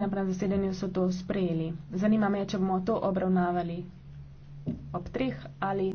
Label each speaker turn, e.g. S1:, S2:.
S1: Na predzasedanju so to sprejeli. Zanima me, če bomo to obravnavali ob treh ali.